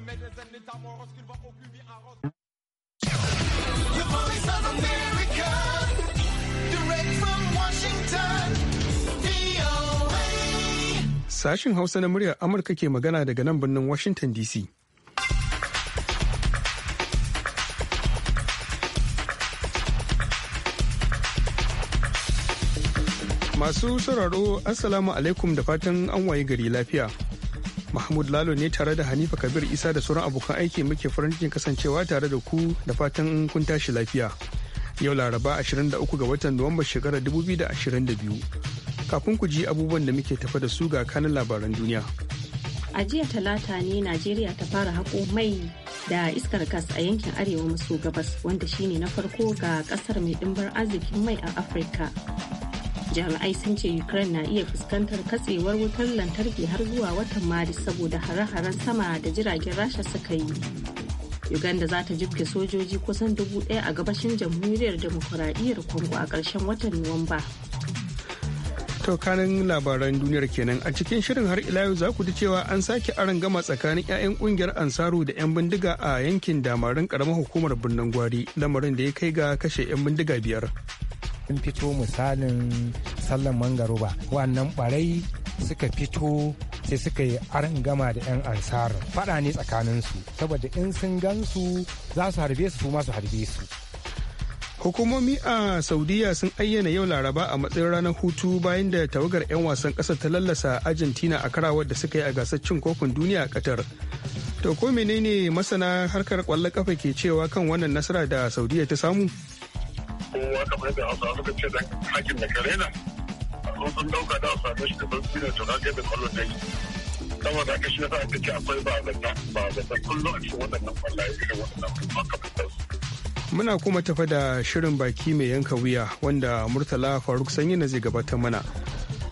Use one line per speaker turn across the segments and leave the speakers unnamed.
me
Hausa na muryar Amurka ke magana daga nan birnin Washington DC. Masu sauraro, Assalamu alaikum da fatan an wayi gari lafiya. Mahmud Lalo ne tare da Hanifa Kabir Isa da sauran abokan aiki muke farin cikin kasancewa tare da ku da fatan kun tashi lafiya. Yau Laraba 23 ga watan Nuwamba shekarar 2022. Kafin ku ji abubuwan da muke tafa da su ga kanin labaran duniya.
A jiya talata ne Najeriya ta fara haƙo mai da iskar gas a yankin arewa maso gabas wanda shine na farko ga kasar mai dimbar arzikin mai a Afirka. jami'ai sun ce ukraine na iya fuskantar katsewar wutar lantarki har zuwa watan maris saboda hare-haren sama da jiragen rasha suka yi uganda za ta jibge sojoji kusan dubu ɗaya a gabashin jamhuriyar demokuraɗiyyar congo a ƙarshen watan nuwamba
to labaran duniyar kenan a cikin shirin har ila yau za ku ji cewa an sake aron gama tsakanin 'ya'yan kungiyar ansaru da 'yan bindiga a yankin damarin karamar hukumar birnin gwari lamarin da ya kai ga kashe 'yan bindiga biyar
sun fito misalin sallan mangaro ba wannan barai suka fito sai suka yi aran gama da 'yan ansar fada ne tsakanin su saboda in sun gansu za su harbe su su masu harbe su
hukumomi a saudiya sun ayyana yau laraba a matsayin ranar hutu bayan da tawagar 'yan wasan kasa ta lallasa argentina a karawar da suka yi a gasar cin kofin duniya a qatar to ko menene masana harkar kwallon kafa ke cewa kan wannan nasara da saudiya ta samu
kowa kamar da hausa suka ce dan hakin da kare na sun sun dauka da hausa ne shi kamar su ne tona kai da kwallon da yi saboda haka shi ya sa aka ce akwai ba a zata ba a zata kullum a cikin waɗannan kwallaye irin waɗannan kuma makamantar su.
Muna kuma tafa da shirin baki mai yanka wuya wanda Murtala Faruk Sanyi na zai gabatar mana.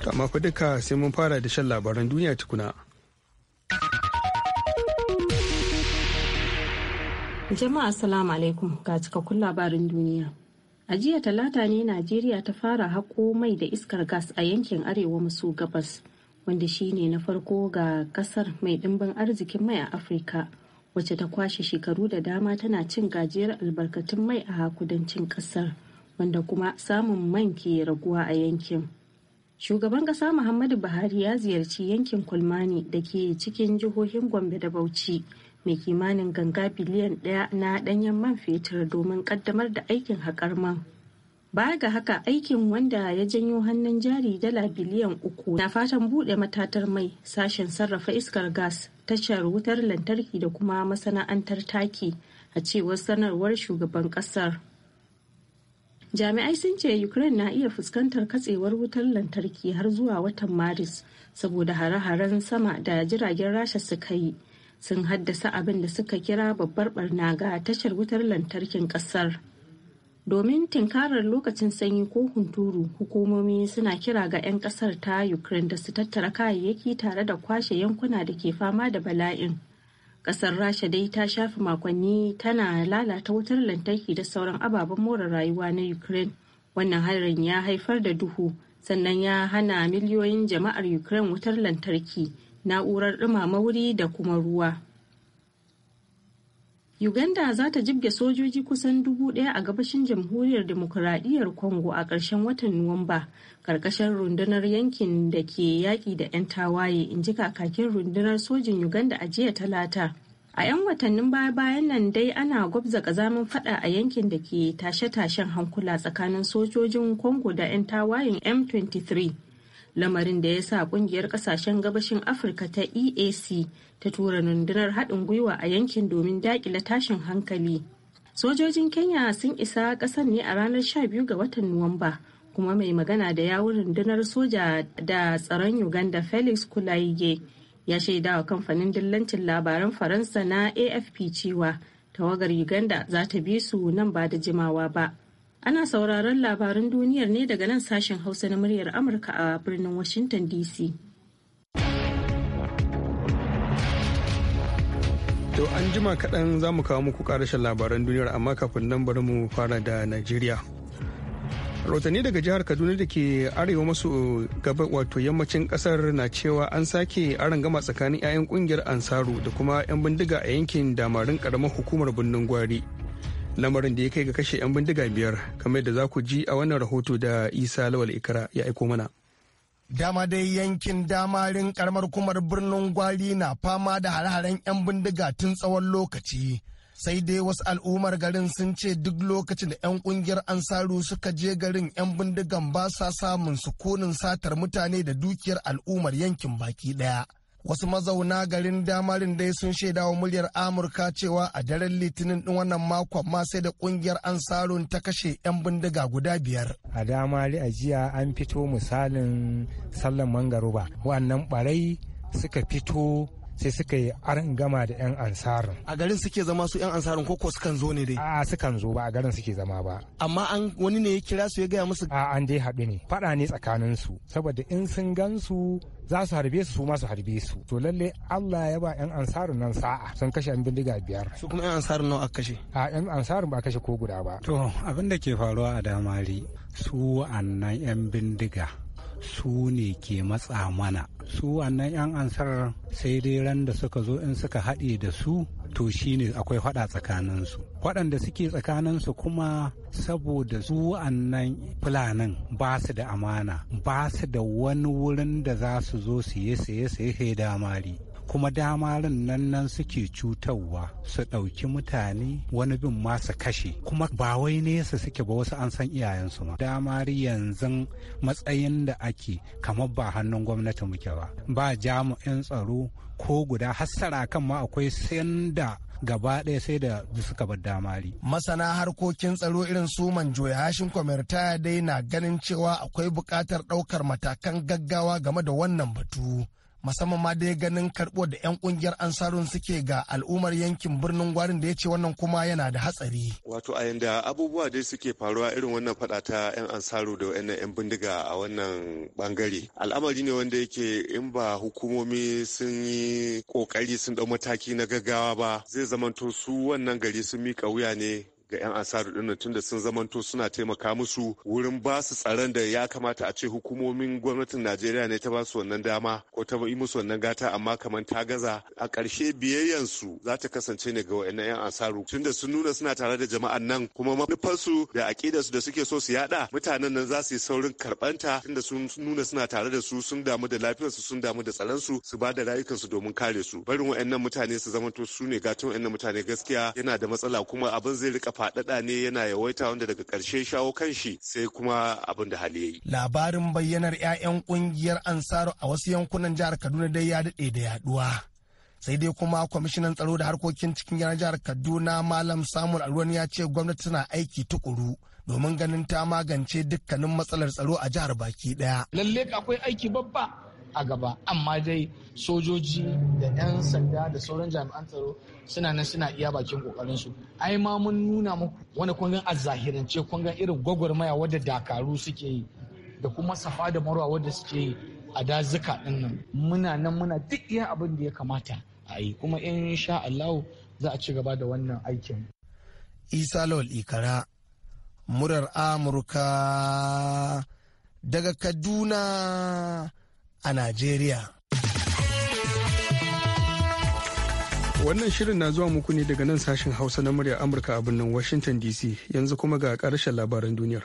Amma fa duka sai mun fara da shan labaran duniya tukuna.
Jama'a salamu alaikum ga cikakkun labarin duniya. A jiya talata ne Najeriya ta fara haƙo mai da iskar gas a yankin arewa maso gabas, wanda shi ne na farko ga kasar mai ɗimbin arzikin mai a Afirka, wacce ta kwashe shekaru da dama tana cin gajiyar albarkatun mai a kudancin kasar wanda kuma samun man ke raguwa a yankin. Shugaban ƙasa Muhammadu Buhari ya ziyarci yankin Kulmani da ke cikin jihohin Gombe da Bauchi. mai kimanin ganga biliyan ɗaya na ɗanyen man fetur domin ƙaddamar da aikin haƙar man. Baya ga haka aikin wanda ya janyo hannun jari dala biliyan uku na fatan buɗe matatar mai sashen sarrafa iskar gas tashar wutar lantarki da kuma masana'antar taki a cewar sanarwar shugaban ƙasar. jami'ai sun ce ukraine na iya fuskantar katsewar wutar lantarki har zuwa watan maris saboda hare-haren sama da jiragen rasha suka yi sun haddasa abin da suka kira babbar barna ga tashar wutar lantarkin kasar. Domin tinkarar lokacin sanyi ko hunturu, hukumomi suna kira ga 'yan kasar ta Ukraine da su tattara kayayyaki tare da kwashe yankuna da ke fama da bala'in. Kasar Rasha dai ta shafi makonni tana lalata wutar lantarki da sauran ababen more rayuwa na Ukraine. Wannan harin ya haifar da duhu, sannan ya hana miliyoyin jama'ar Ukraine wutar lantarki. na'urar ɗumama wuri da kuma ruwa Uganda za ta jibge sojoji kusan dubu ɗaya a gabashin jamhuriyar demokuraɗiyyar Congo a ƙarshen watan Nuwamba, ƙarƙashin rundunar yankin da ke yaƙi da 'yan tawaye, in ji kakakin rundunar sojin Uganda a jiya talata. A 'yan watannin baya-bayan nan dai ana gwabza ƙazamin faɗa a yankin da ke tashe-tashen hankula tsakanin sojojin Congo da 'yan tawayen M23. lamarin da ya sa kungiyar kasashen gabashin afirka ta eac ta tura rundunar haɗin gwiwa a yankin domin daƙila tashin hankali sojojin kenya sun isa ƙasar ne a ranar 12 ga watan nuwamba kuma mai magana da yawun rundunar soja da tsaron uganda felix kulaige ya shaida wa kamfanin dillancin labaran faransa na afp cewa tawagar uganda za ta bi su nan ba da jimawa ba Ana sauraron labaran duniyar ne daga nan sashen Hausa na muryar Amurka a birnin Washington DC.
To an jima kaɗan za mu kawo muku ƙarashin labaran duniyar amma kafin nan bari mu fara da Najeriya. Rahotanni daga jihar Kaduna da ke arewa maso gaba wato yammacin ƙasar na cewa an sake gama tsakanin 'ya'yan ƙungiyar Ansaru da kuma 'yan bindiga a yankin damarin ƙaramar hukumar birnin Gwari. lamarin da ya kai ga kashe 'yan bindiga biyar kamar yadda za ku ji a wannan rahoto da isa lawal ikra ya aiko mana
dama dai yankin damarin karamar kumar birnin gwari na fama da hare-haren 'yan bindiga tun tsawon lokaci sai dai wasu al'ummar garin sun ce duk lokacin da 'yan kungiyar ansaru suka je garin 'yan bindigan ba sa samun sukunin satar mutane da dukiyar al'ummar yankin baki daya wasu mazauna garin damarin dai sun shaida wa muryar amurka cewa a daren litinin din wannan makon ma sai da kungiyar ansarun ta kashe 'yan bindiga guda biyar
a damari a jiya an fito misalin sallan mangaruba wannan barai suka fito sai suka yi arin gama da 'yan ansarin a garin suke zama su 'yan ansarin ko ko sukan zo ne dai a sukan zo ba a garin suke zama ba amma an wani ne ya kira su ya gaya musu a an dai haɗu ne faɗa ne tsakanin su saboda in sun gan su za su harbe su su ma su harbe su to lalle Allah ya ba yan ansarin nan sa'a sun kashe an bindiga biyar su kuma yan ansarin nawa aka kashe a yan ansarin ba kashe ko guda ba to abin da ke faruwa a damari su wa'annan yan bindiga su ne ke matsa mana su wannan 'yan ansar sai dai ran da suka zo in suka haɗe da su to shi ne akwai faɗa tsakaninsu waɗanda suke tsakaninsu kuma saboda su wannan fulanin ba su da amana ba su da wani wurin da za su zo su yi saye saye sai damari kuma damarin nan nan suke cutarwa su ɗauki mutane wani bin ma kashe kuma ba wai nesa suke ba wasu an san iyayensu ma damari yanzu matsayin da ake kamar ba hannun gwamnati muke ba ba jami'in tsaro ko guda hassara kan ma akwai sanda gaba ɗaya sai da suka bar damari.
Masana harkokin tsaro irin su manjo ya hashin kwamirta dai na ganin cewa akwai buƙatar ɗaukar matakan gaggawa game da wannan batu. musamman ma dai ganin karɓo da 'yan kungiyar ansarun suke ga al'ummar yankin birnin gwarin da ya ce wannan kuma yana da hatsari.
Wato a yanda abubuwa dai suke faruwa irin wannan faɗa ta 'yan ansaru da wannan 'yan bindiga a wannan bangare. Al'amari ne wanda yake in ba hukumomi sun yi ƙoƙari sun ɗau mataki na gaggawa ba zai zamanto su wannan gari sun mika wuya ne ga 'yan ansaru ɗin tunda sun zamanto suna taimaka musu wurin ba su tsaron da ya kamata a ce hukumomin gwamnatin Najeriya ne ta ba su wannan dama ko ta yi musu wannan gata amma kamar ta gaza a ƙarshe biyayyansu za ta kasance ne ga wa'annan 'yan asaru. tunda sun nuna suna tare da jama'an nan kuma manufarsu da aƙidarsu da suke so su yada mutanen nan za su yi saurin karɓanta tunda sun nuna suna tare da su sun damu da lafiyarsu sun damu da tsaronsu su ba da rayukansu domin kare su barin wa'annan mutane su zamanto su ne gatan wa'annan mutane gaskiya yana da matsala kuma abin zai rika faɗaɗa ne yana yawaita wanda daga ƙarshe shawo kan shi sai kuma abin da hali ya yi.
Labarin bayyanar 'ya'yan ƙungiyar Ansaru a wasu yankunan jihar Kaduna dai ya daɗe da yaduwa, Sai dai kuma kwamishinan tsaro da harkokin cikin yanar jihar Kaduna Malam Samun Alwani ya ce gwamnati tana aiki tukuru. domin ganin ta magance dukkanin matsalar tsaro a jihar baki daya. Lalle akwai aiki babba a gaba amma dai sojoji da 'yan sanda da sauran jami'an tsaro suna nan suna iya bakin kokarin su ai ma mun nuna muku wani kun a zahirance kun irin gwagwarmaya wadda dakaru suke yi da kuma safa da marwa wadda suke yi a dazuka din nan muna nan muna duk iya abin da ya kamata a yi kuma in sha Allah za a ci gaba da wannan aikin Isa Lawal Ikara murar Amurka daga Kaduna a Najeriya. Wannan
shirin na zuwa muku ne daga nan sashen Hausa na murya Amurka a birnin Washington DC yanzu kuma ga ƙarshen labaran duniyar.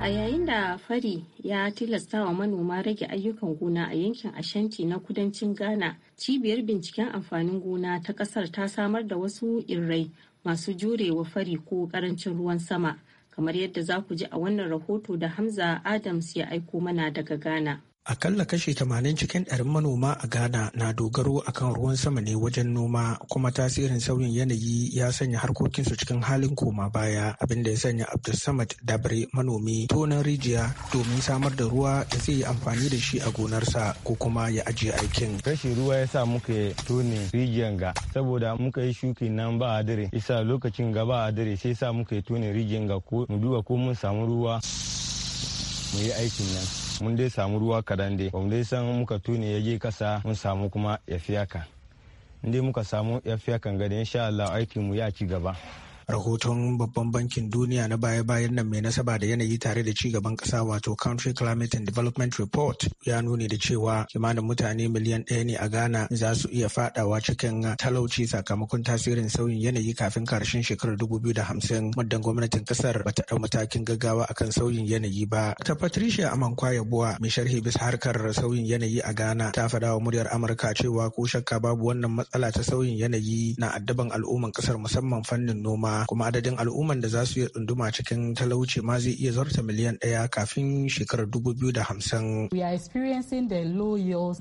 A yayin da fari ya tilasta wa manoma rage ayyukan gona a yankin Ashanti na kudancin Ghana, cibiyar binciken amfanin gona ta kasar ta samar da wasu irrai masu jurewa fari ko karancin ruwan sama kamar yadda za ku ji a wannan rahoto da Hamza Adams ya aiko mana daga Ghana.
Akalla kashi 80 cikin ɗarin manoma a Ghana na dogaro akan ruwan sama ne wajen noma kuma tasirin sauyin yanayi ya sanya harkokinsu cikin halin koma baya abinda ya sanya Abdulsamad Dabre manomi tonan rijiya domin samar da ruwa da zai yi amfani da shi a gonarsa
ko kuma ya ajiye aikin. Rashin ruwa ya sa muka tone rijiyan ga saboda muka yi shuki nan ba a dare isa lokacin gaba a dare sai sa muka tone rijiyan ga ko mu duba ko mun samu ruwa mu yi aikin nan. mun dai samu ruwa kadan dai ba mu dai san muka tuni ya je kasa mun samu kuma ya fiya kan in dai muka samu ya fiya kan gani insha Allah aikin mu ya ci gaba rahoton babban bankin duniya na baya-bayan nan mai
nasaba da yanayi tare da cigaban kasa, wato country climate and development report ya nuni da cewa kimanin mutane miliyan ɗaya ne a ghana za su iya fadawa cikin talauci sakamakon tasirin sauyin yanayi kafin karshen shekarar 2050 muddin gwamnatin kasar bata ɗau matakin gaggawa akan sauyin yanayi ba ta patricia amankwaya buwa mai sharhi bisa harkar sauyin yanayi a ghana ta faɗa wa muryar amurka cewa ko shakka babu wannan matsala ta sauyin yanayi na addaban al'umman kasar musamman fannin noma kuma adadin al'umman da za su iya tsunduma cikin talauci ma zai iya zarta miliyan ɗaya kafin shekarar dubu biyu da hamsin.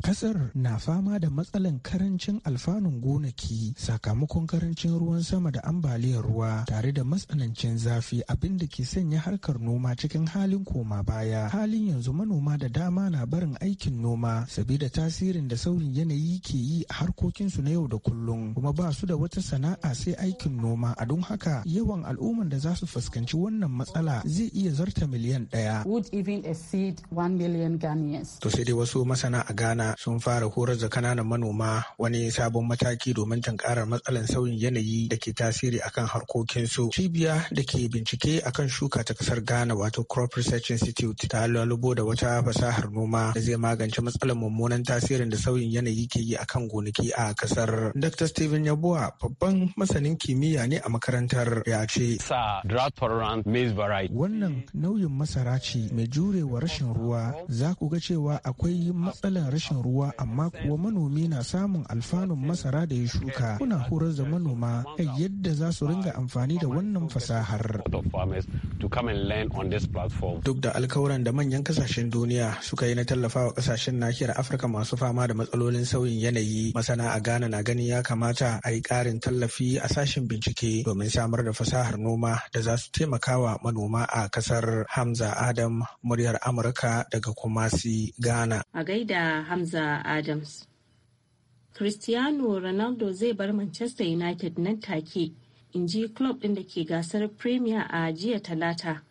Kasar na fama da matsalan karancin alfanun gonaki sakamakon karancin ruwan sama da ambaliyar ruwa tare da matsanancin zafi abin da ke sanya harkar noma cikin halin koma baya. Halin yanzu manoma da dama na barin aikin noma sabida tasirin da sauyin yanayi ke yi a harkokinsu na yau da kullum kuma ba su da wata sana'a sai aikin noma a don haka haka yawan al'umman da za su fuskanci wannan matsala zai iya zarta miliyan ɗaya.
Would even exceed one million Ghanaians.
To sai dai wasu masana a Ghana sun fara horar da kananan manoma wani sabon mataki domin tunkarar matsalar sauyin yanayi da ke tasiri akan harkokin su. Cibiya da ke bincike akan shuka ta kasar Ghana wato Crop Research Institute ta lalubo da wata fasahar noma da zai magance matsalar mummunan tasirin da sauyin yanayi ke yi akan gonaki a kasar. Dr. Stephen Yabuwa babban masanin kimiyya ne a makarantar makarantar ya
ce. Wannan
nauyin masara ce mai jurewa rashin ruwa za ku ga cewa akwai matsalar rashin ruwa amma kuwa manomi na samun alfanun masara da ya shuka. Kuna horar da manoma kai yadda za su ringa amfani da wannan fasahar. Duk da alkawuran da manyan kasashen duniya suka yi na tallafawa kasashen nahiyar Afirka masu fama da matsalolin sauyin yanayi masana a Ghana na gani ya kamata a yi ƙarin tallafi a sashen bincike domin samun samar da fasahar noma da za su taimaka wa manoma a kasar Hamza Adam muryar Amurka daga Kumasi, Ghana.
A gaida Hamza Adams. Cristiano Ronaldo zai bar Manchester United nan take, in ji club ɗin da ke gasar Premier a jiya talata.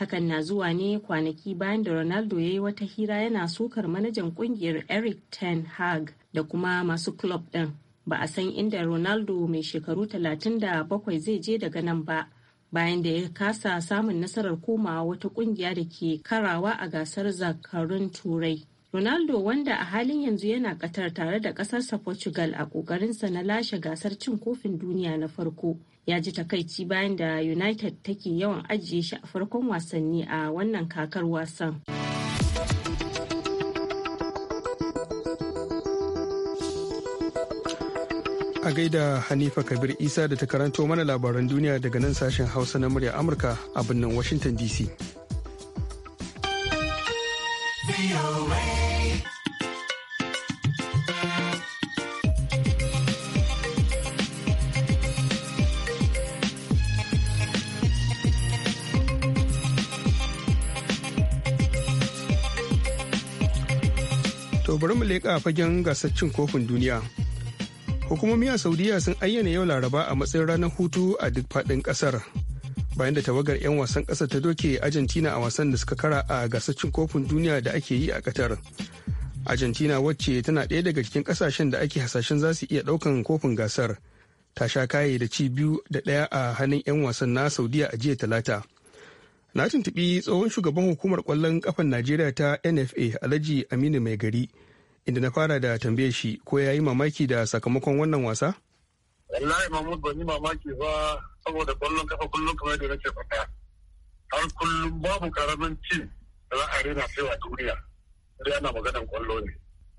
Hakan na zuwa ne kwanaki bayan da Ronaldo ya yi wata hira yana sukar manajan kungiyar Eric Ten Hag da kuma masu club ɗin. ba a san inda ronaldo mai shekaru 37 zai je daga nan ba bayan da ya kasa samun nasarar komawa wata kungiya da ke karawa a gasar zakarun turai ronaldo wanda a halin yanzu yana katar tare da kasarsa portugal a kokarinsa na lashe gasar cin kofin duniya na farko ya ji takaici bayan da united take yawan ajiye shi a farkon wasanni a wannan kakar wasan.
a gaida Hanifa Kabir Isa da ta karanto mana labaran duniya daga nan sashen Hausa na murya Amurka a birnin Washington DC. To bari mu leƙa fagen gasar cin kofin duniya. hukumomi a saudiya sun ayyana yau laraba a matsayin ranar hutu a duk faɗin ƙasar bayan da tawagar 'yan wasan ƙasar ta doke argentina a wasan da suka kara a gasar cin kofin duniya da ake yi a qatar argentina wacce tana ɗaya daga cikin ƙasashen da ake hasashen za su iya ɗaukan kofin gasar ta sha kaye da ci biyu da ɗaya a hannun 'yan wasan na Saudiyya a jiya talata na tuntuɓi tsohon shugaban hukumar ƙwallon ƙafan najeriya ta nfa alhaji aminu mai gari inda na fara da tambaye shi ko ya yi mamaki da sakamakon wannan wasa?
Wallahi Mahmud ban yi mamaki ba saboda kwallon kafa kullum kamar yadda nake faɗa. Har kullum babu karamin cin da za a rena sai a duniya. Sai ana maganan kwallo ne.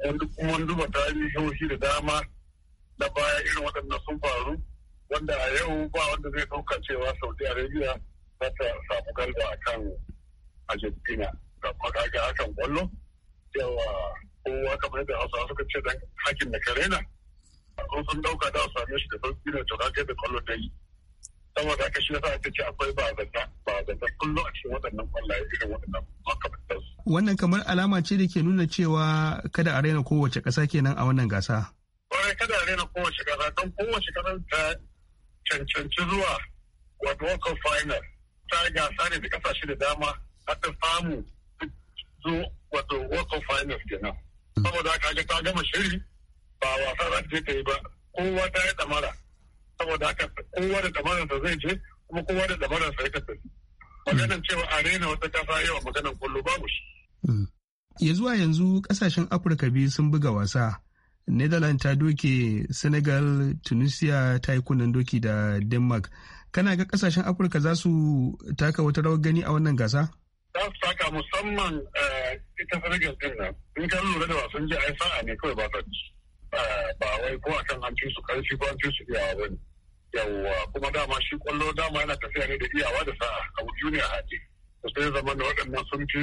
Wanda kuma duba shi da dama na baya irin waɗannan sun faru. Wanda a yau ba wanda zai ɗauka cewa Saudi Arabia za ta samu galba a kan Argentina. Da kuma ga hakan kwallo. Yawa kowa kamar yadda hausa suka ce dan hakin da kare na in sun dauka da same shi da sauki da to kai da kwallo da yi saboda haka shi yasa aka ce akwai ba zanta ba zanta kullum a cikin waɗannan kwallaye irin waɗannan makamantar
wannan kamar alama ce da ke nuna cewa kada a raina kowace ƙasa kenan a wannan gasa
kwarai kada a raina kowace ƙasa don kowace ƙasa ta cancanci zuwa wato wakan final ta gasa ne da kasashe da dama har ta samu zo wato wakon final kenan saboda haka ga ta gama shiri ba wasa za ta yi ba kowa ta yi damara saboda haka kowa da damarar da zai je kuma kowa da damarar sa ya tafi maganar cewa a wata kasa yawa maganar kullu babu
shi hmm. ya zuwa yanzu kasashen afirka biyu sun buga wasa netherlands ta doke senegal tunisia ta yi kunnen doki da denmark kana ga kasashen afirka za su taka wata rawar gani a wannan gasa
za su taka musamman eh, ita Senegal din nan in ka lura da wasan ji ai sa'a ne kawai ba ta ci ba wai ko akan kan ci su karfi ko an su iyawa ba ne yawwa kuma dama shi kwallo dama yana tafiya ne da iyawa da sa'a abu biyu a haɗe da sai zama da waɗannan sun ci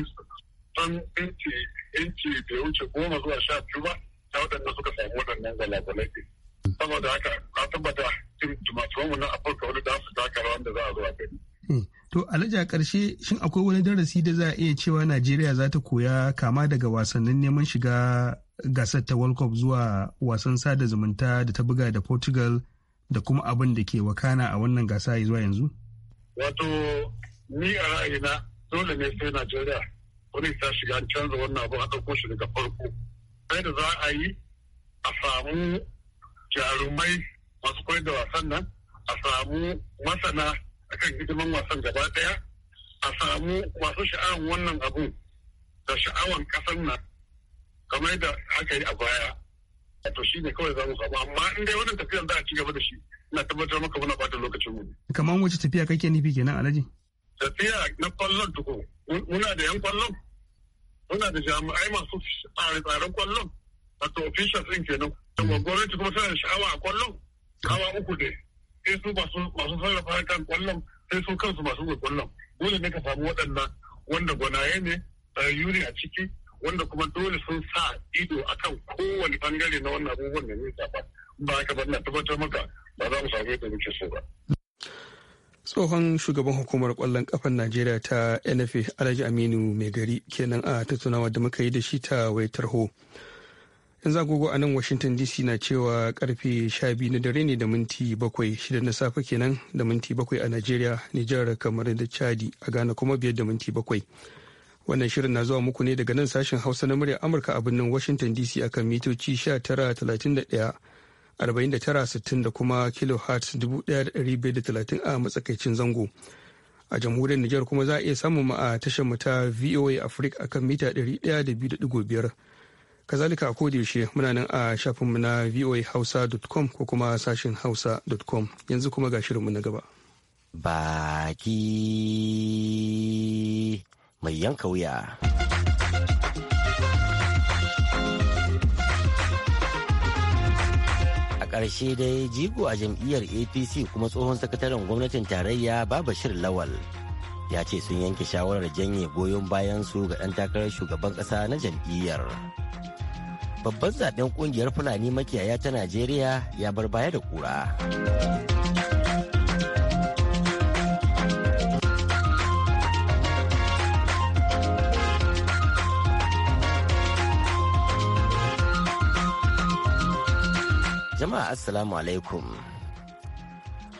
sun inci inci bai wuce goma zuwa sha biyu ba ta waɗannan suka samu waɗannan gwalagwalai saboda haka ka tabbata cin tumatuwanmu na afirka wani da su taka rawan da za a zo a gani
Eh, to alhaji a ƙarshe shin akwai wani darasi da za a iya cewa Najeriya za ta koya kama daga wasannin neman shiga gasar ta World Cup zuwa wasan sada zumunta da ta buga da Portugal da kuma abin da ke wakana a wannan gasa zuwa yanzu?
Wato ni a ra'ayina dole ne sai Najeriya wani ta shiga an canza wannan abu a ɗauko shi daga farko. Sai da za a yi a samu jarumai masu koyar da wasan nan a samu masana akan hidiman wasan gaba daya a samu masu sha'awan wannan abu da sha'awan kasan nan kamar da aka yi a baya to shi ne kawai za mu samu amma in dai wannan tafiyar za a ci gaba da shi ina tabbatar maka muna bata lokacin mu
kamar wace tafiya kake nufi kenan alhaji
tafiya na kwallon tuko muna da yan kwallon muna da jami'ai masu tsare-tsaren kwallon wato officials din kenan da gwamnati kuma tana da sha'awa a kwallon kawa uku ne sai su masu sarrafa kan kwallon sai su kansu masu mai kwallon dole ne ka samu waɗannan wanda gwanaye ne yuri a ciki wanda kuma dole sun sa ido a kan kowane bangare na wannan abubuwan da ne shafa ba ka bar na tabbatar maka ba za mu samu yadda muke so ba.
tsohon shugaban hukumar kwallon kafan najeriya ta nfa alhaji aminu mai gari kenan a tattunawa da muka yi da shi ta waitarho. tarho yanzu agogo a nan washington dc na cewa karfe 12 na dare ne da minti 7 shida na safe kenan da minti 7 a nigeria nijar kamar da chadi a ghana kuma biyar da minti 7 wannan shirin na zuwa muku ne daga nan sashen hausa na muryar amurka a birnin washington dc akan mitoci 1931 4960 da kuma kilohertz 1530 a matsakaicin zango a jamhuriyar nijar kuma za a iya samun mu a tashar mu ta voa africa akan mita 102.5 kazalika a yaushe muna nan a shafinmu na voahausa.com ko kuma sashin hausa.com
yanzu kuma ga shirinmu na gaba baki mai yanka wuya ƙarshe dai jigo a jam'iyyar apc kuma tsohon sakataren gwamnatin tarayya ba bashir lawal ya ce sun yanke shawarar janye goyon bayan su ga ɗan takarar shugaban ƙasa na jam'iyyar. Babban zaben ƙungiyar Fulani makiyaya ta Najeriya ya bar baya da kura. Jama'a Assalamu alaikum.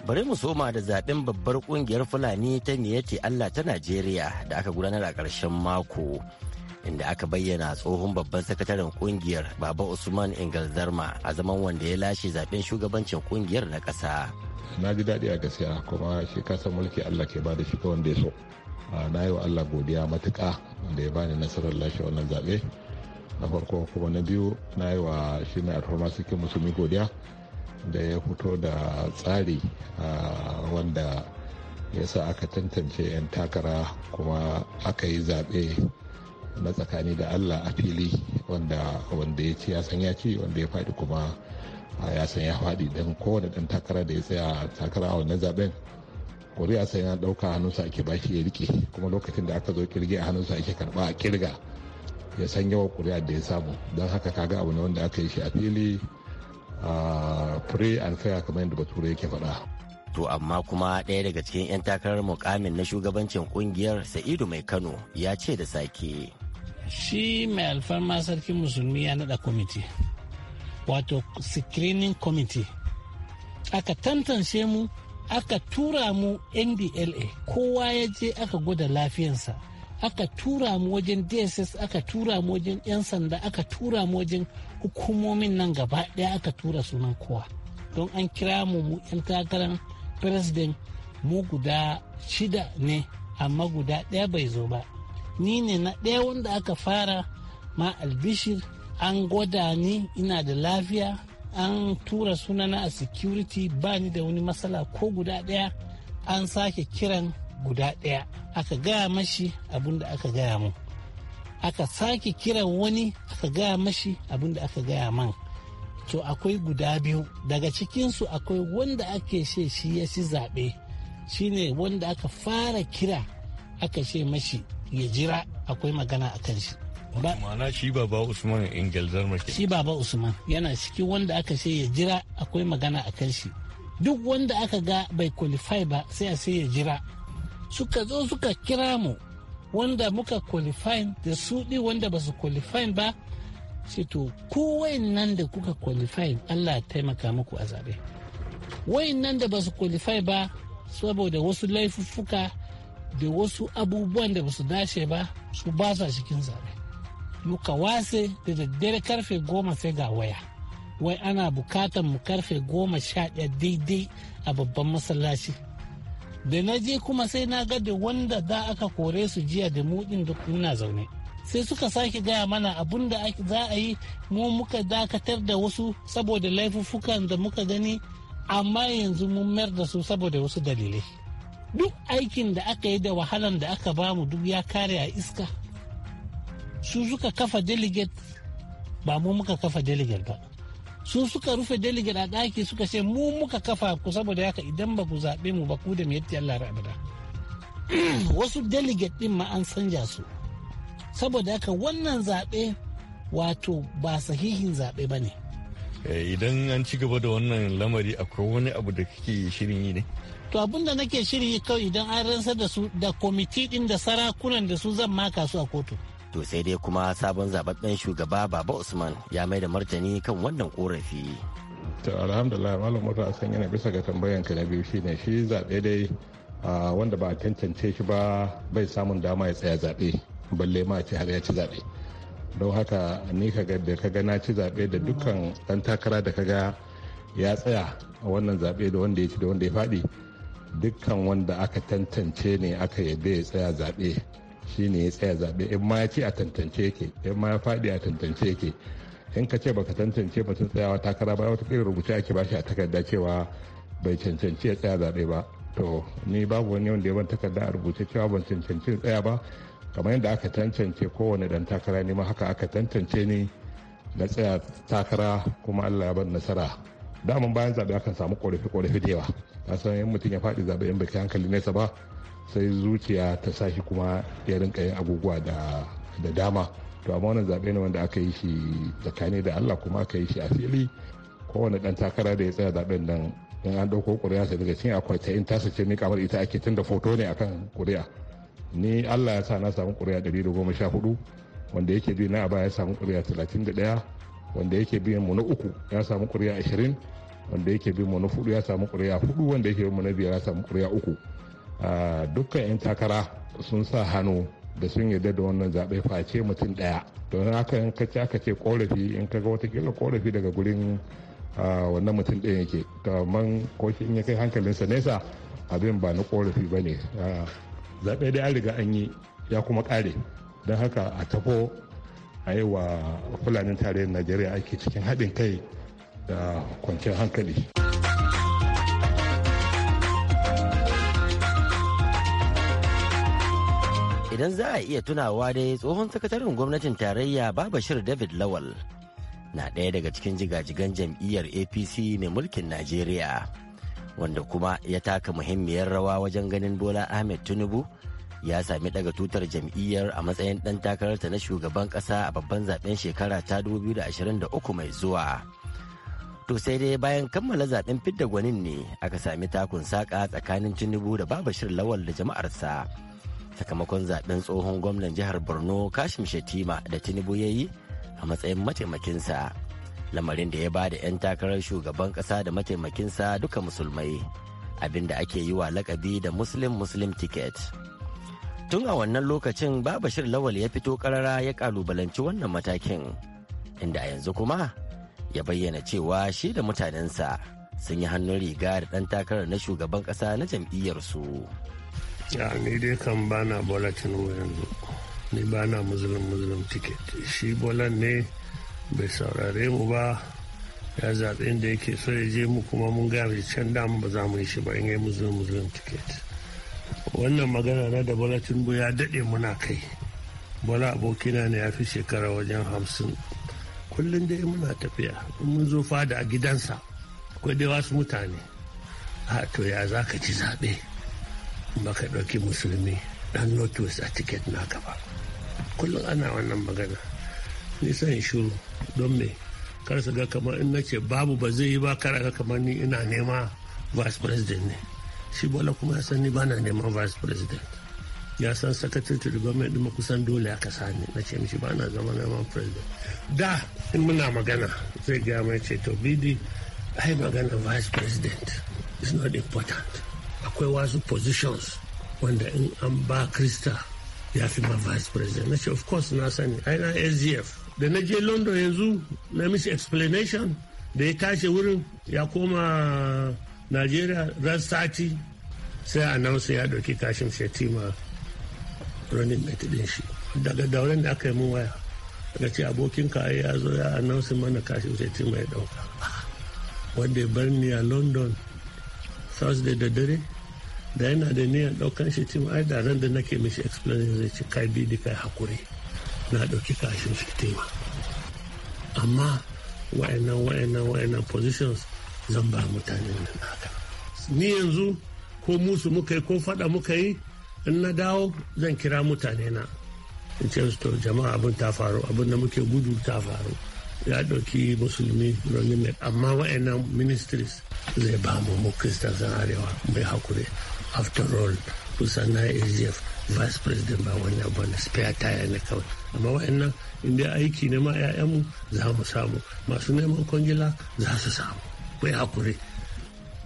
bari mu soma da zaben babbar kungiyar fulani ta niyati allah ta najeriya da aka gudanar a ƙarshen mako inda aka bayyana tsohon babban sakataren kungiyar baba usman ingalzarma a zaman wanda ya lashe zaben shugabancin kungiyar na ƙasa
na ji daɗi a gaskiya kuma shi kasa mulki allah ke bada shi wanda ya so na yi wa allah godiya matuƙa da ya bani nasarar lashe wannan zaɓe na farko kuma na biyu na yi wa shi mai alfarma suke musulmi godiya da ya fito da tsari a wanda ya sa aka tantance 'yan takara kuma aka yi zaɓe na tsakani da allah a fili wanda wanda ya ci ya san ya ci wanda ya faɗi kuma ya san ya faɗi don kowane ɗan takara da ya tsaya takara a wannan zaɓen kuri'a sai ya ɗauka hannunsa ake bashi ya rike kuma lokacin da aka zo kirge a hannunsa ake karɓa a kirga ya san yawan kuri'a da ya samu don haka kaga abu ne wanda aka yi shi a fili free and fair kamar
yadda bature yake faɗa. To amma kuma ɗaya daga cikin 'yan takarar mukamin na shugabancin kungiyar Sa'idu Mai Kano ya ce da sake.
Shi mai alfarma sarkin musulmi ya naɗa kwamiti, wato screening committee. Aka tantance mu, aka tura mu NDLA, kowa ya je aka gwada lafiyansa. aka tura mu wajen dss aka tura mu wajen 'yan sanda aka tura mu wajen hukumomin nan gaba daya aka tura sunan kowa don an kira mu mu 'yan takarar president mu guda shida ne amma guda daya bai zo ba ni ne na daya wanda aka fara ma albishir an gwada ni ina da lafiya an tura sunana a security ba ni da wani matsala ko guda daya an sake kiran guda ɗaya aka gaya mashi abin da aka gaya mu aka sake kiran wani aka gaya mashi abin da aka gaya man to akwai guda biyu daga cikinsu akwai wanda ake ce shi ya ci zaɓe shine wanda aka fara kira aka ce mashi ya jira akwai magana a kan shi
ma'ana shi baba usman ingel shi
baba usman yana cikin wanda aka ce ya jira akwai magana a kan shi duk wanda aka ga bai qualify ba sai a sai ya jira suka zo suka kira mu wanda muka qualifying da su wanda ba su qualifying ba sai to ko nan da kuka qualifying Allah taimaka muku a zabe nan da ba su qualify ba saboda wasu laifuffuka da wasu abubuwan da ba su dace ba su ba sa cikin zaɓe muka wase da daddare karfe goma sai ga waya wai ana bukatan mu karfe goma sha ɗaya daidai a babban masallaci da na je kuma sai na ga da wanda da aka kore su jiya da mu da kuna zaune sai suka sake gaya mana abun da za a yi mu muka dakatar da wasu saboda laifuffukan da muka gani amma yanzu mun mayar da su saboda wasu dalilai duk aikin da aka yi da wahalan da aka bamu duk ya kare a iska su suka kafa delegate ba mu muka kafa delegate ba su suka rufe delegate a ɗaki suka ce mu muka kafa ku saboda haka idan ba ku zaɓe mu ba ku da mu yadda Allah abada wasu delegate ɗin ma an sanja su saboda haka wannan zaɓe wato ba sahihin zaɓe ba ne
eh, idan an ci gaba da wannan lamari akwai wani abu da kake
shirin yi ne to abin da nake yi kawai idan an rantsar da su da kwamiti din da sarakunan da su zan maka su a kotu
to sai dai kuma sabon zababben shugaba baba usman ya mai da martani kan wannan korafi to alhamdulillah malam mutu asan yana bisa ga tambayan ka
na biyu shine shi zaɓe dai wanda ba a tantance shi ba bai samun dama ya tsaya zaɓe balle ma ce har ya ci zaɓe don haka ni ka ga da kaga na ci zaɓe da dukkan ɗan takara da kaga ya tsaya a wannan zaɓe da wanda ya ci da wanda ya faɗi dukkan wanda aka tantance ne aka yabe ya tsaya zaɓe Shi ne ya tsaya zaɓe in ma ya ce a tantance yake in ma ya faɗi a tantance yake in ka ce baka tantance batun tsayawa takara ba wata kira rubuce ake bashi a takarda cewa bai cancanci ya tsaya zaɓe ba to ni babu wani yawan da yawan takarda a rubuce cewa ban cancanci tsaya ba kamar yadda aka tantance kowane dan takara ne ma haka aka tantance ni na tsaya takara kuma Allah ya ban nasara daman bayan zaɓe akan samu ƙorafi ƙorafi da yawa san yin mutum ya faɗi zaɓe in bai kai hankali nesa ba sai zuciya ta sa shi kuma ya rinka yin abubuwa da dama to amma wannan zaɓe ne wanda aka yi shi tsakani da allah kuma aka yi shi a fili kowane ɗan takara da ya tsaya zaɓen nan in an ɗauko ƙuri'a sai daga cikin akwai ta in tasa ce ni kamar ita ake tun da foto ne akan ƙuri'a ni allah ya sa na samu ƙuri'a ɗari da goma sha hudu wanda yake bi na a baya ya samu ƙuri'a talatin da ɗaya wanda yake bi mu na uku ya samu ƙuri'a ashirin wanda yake bi mu na hudu ya samu ƙuri'a hudu wanda yake bi mu na biyar ya samu ƙuri'a uku dukkan 'yan takara sun sa hannu da sun yarda da wannan zaɓe face mutum ɗaya don haka in ka aka ce korafi in ka ga watakila korafi daga gurin wannan mutum ɗaya yake kamar ko shi in ya kai hankalinsa nesa abin ba na korafi ba ne zaɓe dai an riga an yi ya kuma ƙare don haka a tafo a yi wa fulanin tarayyar najeriya ake cikin haɗin kai da kwanciyar hankali.
idan za a iya tunawa dai tsohon sakataren gwamnatin tarayya babashir david lawal na ɗaya daga cikin jigajigan jam'iyyar apc mai mulkin najeriya wanda kuma ya taka muhimmiyar rawa wajen ganin bola ahmed tinubu ya sami daga tutar jam'iyyar a matsayin ɗan takararta na shugaban ƙasa a babban zaben shekara ta 2023 mai zuwa to sai dai bayan kammala zaben fidda gwanin ne aka sami takun saƙa tsakanin tinubu da babashir lawal da jama'arsa sakamakon zaben tsohon gwamnan jihar borno kashim shetima da tinubu ya yi a matsayin mataimakinsa lamarin da ya ba da 'yan takarar shugaban kasa da mataimakinsa duka musulmai abin da ake yi wa lakabi da muslim muslim ticket tun a wannan lokacin babashir lawal ya fito karara ya kalubalanci wannan matakin inda a yanzu kuma ya bayyana cewa shi da mutanensa sun yi hannun riga da ɗan takarar na shugaban ƙasa na jam'iyyarsu.
ya ni dai kan bana bola tinubu yanzu ni bana muslim muslim ticket shi bolan ne bai saurare mu ba ya zaɓe inda yake so ya je mu kuma mun gaya can damu ba za mu yi shi ba in yi muslim muslim ticket wannan magana na da bola tinubu ya daɗe muna kai bola abokina ne ya fi shekara wajen hamsin kullum dai muna tafiya mun zo fada a gidansa akwai dai wasu mutane a to ya za ka ci zaɓe baka ɗauki musulmi dan notus a tiket naka ba kullum ana wannan magana nisan shuru don me kar su ga kamar in nace babu ba zai yi ba kara ga kamar ni ina nema vice president ne shi bola kuma ya san ni bana neman vice president ya san secretary to the government ɗin kusan dole aka sani na ce mishi bana zama neman president da in muna magana zai gaya mai ce to bidi ai magana vice president is not important akwai wasu positions wanda in an ba krista ya fi ma vice president na ce of course na sani aina sgf da na je london yanzu na miss explanation da ya tashi wurin ya koma nigeria ran sati sai announce ya dauki kashin shetima running mate din shi daga dauren da aka yi mun waya daga ce abokin ka ya zo ya announce mana kashin shetima ya dauka wanda ya bar ni a london thursday da dare da yana da niyan daukan shi cin ai da ran da nake mishi explanation zai ci kai bi kai hakuri na dauki kashin shi tema amma wa'annan wa'annan wa'annan positions zan ba mutane nan haka ni yanzu ko musu muka yi ko fada muka yi in na dawo zan kira mutane na in ce su to jama'a abin ta faru abin da muke gudu ta faru ya ɗauki musulmi running amma wa'annan ministries zai ba mu mu arewa mai hakuri after all kusan na agf vice president ba wani abu na spare tire na kawai amma wa'annan inda aiki na ma 'ya'yanmu za mu samu masu neman kwangila za su samu mai hakuri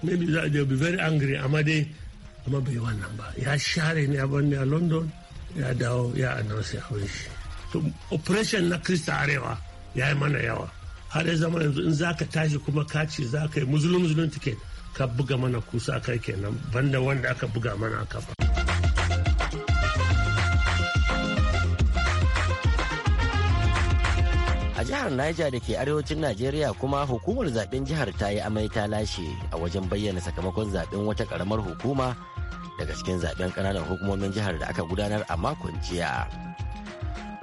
maybe za a be very angry amma dai amma bai wannan ba ya share ne abin a london ya dawo ya announce ya shi operation na kirista arewa ya yi mana yawa har ya zama yanzu in za ka tashi kuma ka ce za ka yi muzulun muzulun tiket ka buga mana kusa kai kenan banda wanda aka buga mana a kafa.
a jihar Niger da ke arewacin Najeriya kuma hukumar zaben jihar ta yi amai ta lashe a wajen bayyana sakamakon zaben wata karamar hukuma daga cikin zaben kananan hukumomin jihar da aka gudanar a makon jiya.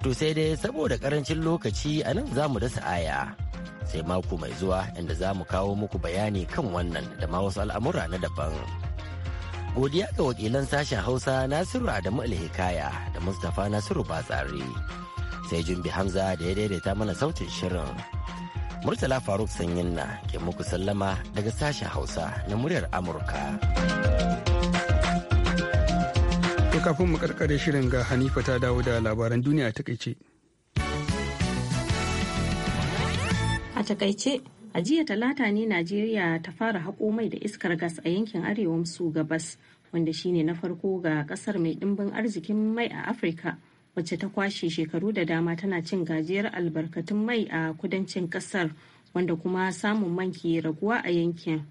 To sai dai saboda karancin lokaci a nan za mu dasa aya. sai mako mai zuwa inda za mu kawo muku bayani kan wannan da ma wasu al'amura na daban. Godiya ga wakilan sashen Hausa Nasiru Adamu Alhikaya da Mustapha Nasiru Batsari. Sai Jumbi Hamza da ya daidaita mana sautin shirin. Murtala Faruk sanyinna ke muku sallama daga sashen Hausa na muryar Amurka.
kafin mu karkare shirin ga Hanifa ta dawo da labaran duniya ta kaice.
A takaice, a jiya talata ne Najeriya ta fara haƙo mai da iskar gas a yankin arewa su gabas, wanda shine na farko ga ƙasar mai ɗimbin arzikin mai a Afirka, wacce ta kwashe shekaru da dama tana cin gajiyar albarkatun mai a kudancin ƙasar, wanda kuma samun man ke raguwa a yankin.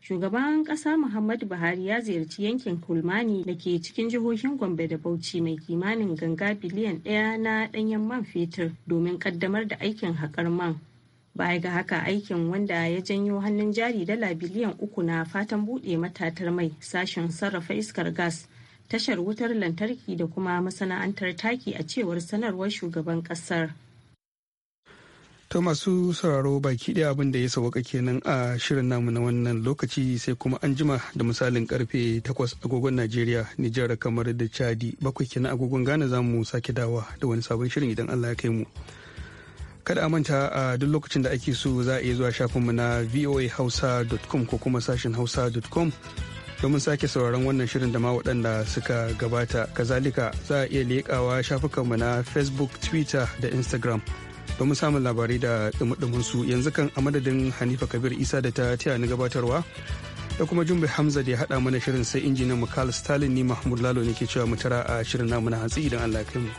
Shugaban ƙasa Muhammadu Buhari ya ziyarci yankin Kulmani da ke cikin jihohin Gombe da Bauchi mai kimanin ganga biliyan ɗaya na ɗanyen man fetur domin ƙaddamar da aikin haƙar man. baya ga haka aikin wanda ya janyo hannun jari dala biliyan uku na fatan bude matatar mai sashen sarrafa iskar gas tashar wutar lantarki da kuma masana'antar taki a cewar sanarwar shugaban kasar.
ta masu sauraro baki ɗaya abin da ya sauka kenan a shirin namu na wannan lokaci sai kuma an jima da misalin karfe 8 agogon najeriya nijar kamar da chadi bakwai kenan agogon ghana za sake dawa da wani sabon shirin idan allah ya kai mu. kada a manta a duk lokacin da ake so za a iya zuwa shafinmu na voahausa.com ko kuma sashen hausa.com domin sake sauraron wannan shirin da ma waɗanda suka gabata kazalika za a iya leƙawa shafukanmu na facebook twitter da instagram domin samun labarai da ɗumuɗumin su yanzu kan a madadin hanifa kabir isa da ta taya ni gabatarwa da kuma jumbe hamza da ya haɗa mana shirin sai injiniyan mu stalin ni mahmud lalo ne ke cewa mu tara a shirin namu na hantsi idan allah kai mu.